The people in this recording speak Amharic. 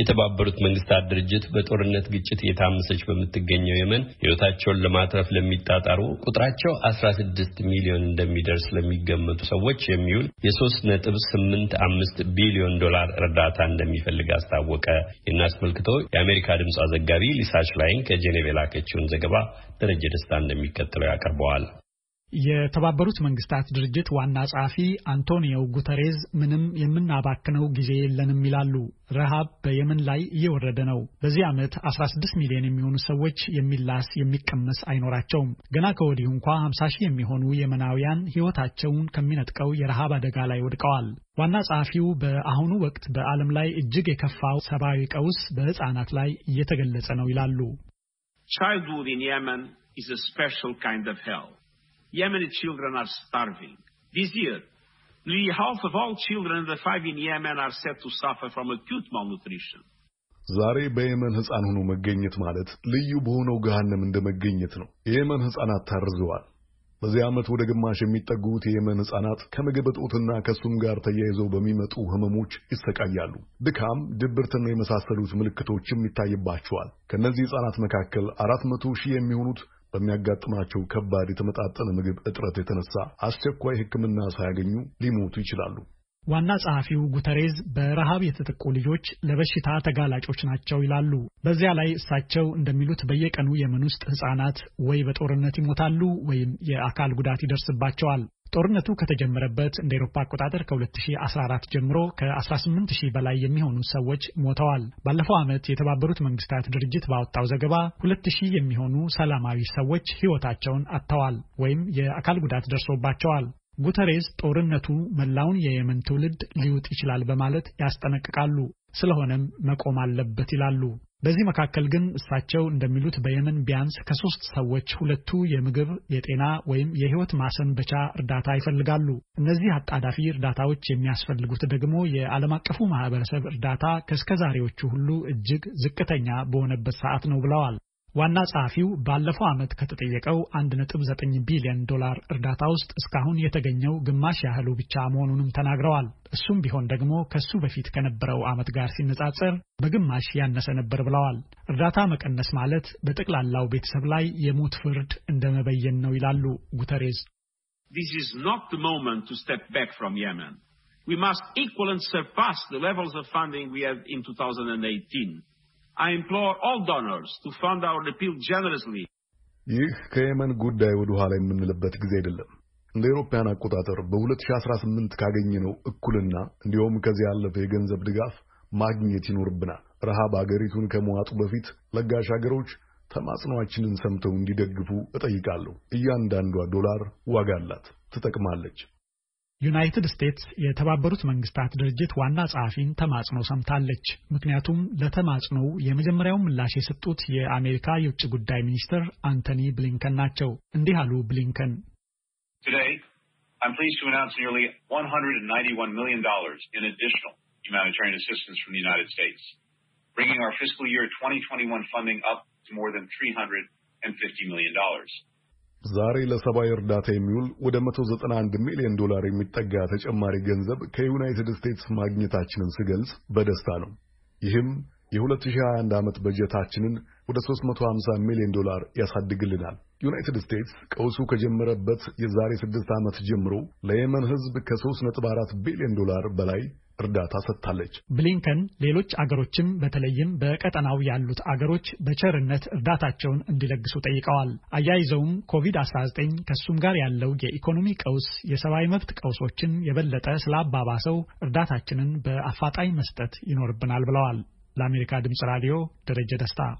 የተባበሩት መንግስታት ድርጅት በጦርነት ግጭት እየታመሰች በምትገኘው የመን ሕይወታቸውን ለማትረፍ ለሚጣጣሩ ቁጥራቸው 16 ሚሊዮን እንደሚደርስ ለሚገመቱ ሰዎች የሚውል የ3.85 ቢሊዮን ዶላር እርዳታ እንደሚፈልግ አስታወቀ። ይህን አስመልክቶ የአሜሪካ ድምፅ ዘጋቢ ሊሳ ሽላይን ከጄኔቭ የላከችውን ዘገባ ደረጀ ደስታ እንደሚከተለው ያቀርበዋል። የተባበሩት መንግስታት ድርጅት ዋና ጸሐፊ አንቶኒዮ ጉተሬዝ ምንም የምናባክነው ጊዜ የለንም ይላሉ። ረሃብ በየመን ላይ እየወረደ ነው። በዚህ ዓመት 16 ሚሊዮን የሚሆኑ ሰዎች የሚላስ የሚቀመስ አይኖራቸውም። ገና ከወዲሁ እንኳ 50 ሺህ የሚሆኑ የመናውያን ሕይወታቸውን ከሚነጥቀው የረሃብ አደጋ ላይ ወድቀዋል። ዋና ጸሐፊው በአሁኑ ወቅት በዓለም ላይ እጅግ የከፋው ሰብአዊ ቀውስ በሕፃናት ላይ እየተገለጸ ነው ይላሉ። Childhood in Yemen is a special kind of hell. Yemeni children are starving. This year, nearly half of all children under five in Yemen are said to suffer from acute malnutrition. ዛሬ በየመን ሕፃን ሆኖ መገኘት ማለት ልዩ በሆነው ገሃነም እንደ መገኘት ነው። የየመን ሕፃናት ታርዘዋል። በዚህ ዓመት ወደ ግማሽ የሚጠጉት የየመን ሕፃናት ከምግብ እጦትና ከእሱም ጋር ተያይዘው በሚመጡ ህመሞች ይሰቃያሉ። ድካም፣ ድብርትና የመሳሰሉት ምልክቶችም ይታይባቸዋል። ከእነዚህ ሕፃናት መካከል አራት መቶ ሺህ የሚሆኑት በሚያጋጥማቸው ከባድ የተመጣጠነ ምግብ እጥረት የተነሳ አስቸኳይ ሕክምና ሳያገኙ ሊሞቱ ይችላሉ። ዋና ጸሐፊው ጉተሬዝ በረሃብ የተጠቁ ልጆች ለበሽታ ተጋላጮች ናቸው ይላሉ። በዚያ ላይ እሳቸው እንደሚሉት በየቀኑ የመን ውስጥ ሕፃናት ወይ በጦርነት ይሞታሉ ወይም የአካል ጉዳት ይደርስባቸዋል። ጦርነቱ ከተጀመረበት እንደ ኤሮፓ አቆጣጠር ከ2014 ጀምሮ ከ18 ሺህ በላይ የሚሆኑ ሰዎች ሞተዋል። ባለፈው ዓመት የተባበሩት መንግስታት ድርጅት ባወጣው ዘገባ 2 ሺህ የሚሆኑ ሰላማዊ ሰዎች ሕይወታቸውን አጥተዋል ወይም የአካል ጉዳት ደርሶባቸዋል። ጉተሬዝ ጦርነቱ መላውን የየመን ትውልድ ሊውጥ ይችላል በማለት ያስጠነቅቃሉ። ስለሆነም መቆም አለበት ይላሉ። በዚህ መካከል ግን እሳቸው እንደሚሉት በየመን ቢያንስ ከሶስት ሰዎች ሁለቱ የምግብ፣ የጤና ወይም የሕይወት ማሰንበቻ እርዳታ ይፈልጋሉ። እነዚህ አጣዳፊ እርዳታዎች የሚያስፈልጉት ደግሞ የዓለም አቀፉ ማህበረሰብ እርዳታ ከእስከዛሬዎቹ ሁሉ እጅግ ዝቅተኛ በሆነበት ሰዓት ነው ብለዋል። ዋና ጸሐፊው ባለፈው ዓመት ከተጠየቀው 1.9 ቢሊዮን ዶላር እርዳታ ውስጥ እስካሁን የተገኘው ግማሽ ያህሉ ብቻ መሆኑንም ተናግረዋል። እሱም ቢሆን ደግሞ ከሱ በፊት ከነበረው ዓመት ጋር ሲነጻጸር በግማሽ ያነሰ ነበር ብለዋል። እርዳታ መቀነስ ማለት በጠቅላላው ቤተሰብ ላይ የሞት ፍርድ እንደ መበየን ነው ይላሉ ጉተሬዝ። This is not the moment to step back from Yemen. We must equal and surpass the levels of funding we had in 2018. I implore all donors to fund our appeal generously. ይህ ከየመን ጉዳይ ወደ ኋላ የምንልበት ጊዜ አይደለም። እንደ አውሮፓውያን አቆጣጠር በ2018 ካገኘነው እኩልና እንዲሁም ከዚህ ያለፈ የገንዘብ ድጋፍ ማግኘት ይኖርብናል። ረሃብ አገሪቱን ከመዋጡ በፊት ለጋሽ ሀገሮች ተማጽኗችንን ሰምተው እንዲደግፉ እጠይቃለሁ። እያንዳንዷ ዶላር ዋጋ አላት፣ ትጠቅማለች። ዩናይትድ ስቴትስ የተባበሩት መንግስታት ድርጅት ዋና ጸሐፊን ተማጽኖ ሰምታለች። ምክንያቱም ለተማጽኖው የመጀመሪያው ምላሽ የሰጡት የአሜሪካ የውጭ ጉዳይ ሚኒስትር አንቶኒ ብሊንከን ናቸው። እንዲህ አሉ ብሊንከን ዛሬ ዛሬ ለሰብአዊ እርዳታ የሚውል ወደ 191 ሚሊዮን ዶላር የሚጠጋ ተጨማሪ ገንዘብ ከዩናይትድ ስቴትስ ማግኘታችንን ስገልጽ በደስታ ነው። ይህም የ2021 ዓመት በጀታችንን ወደ 350 ሚሊዮን ዶላር ያሳድግልናል። ዩናይትድ ስቴትስ ቀውሱ ከጀመረበት የዛሬ ስድስት ዓመት ጀምሮ ለየመን ሕዝብ ከ3.4 ቢሊዮን ዶላር በላይ እርዳታ ሰጥታለች። ብሊንከን ሌሎች አገሮችም በተለይም በቀጠናው ያሉት አገሮች በቸርነት እርዳታቸውን እንዲለግሱ ጠይቀዋል። አያይዘውም ኮቪድ-19 ከሱም ጋር ያለው የኢኮኖሚ ቀውስ የሰብአዊ መብት ቀውሶችን የበለጠ ስላባባሰው እርዳታችንን በአፋጣኝ መስጠት ይኖርብናል ብለዋል። ለአሜሪካ ድምፅ ራዲዮ ደረጀ ደስታ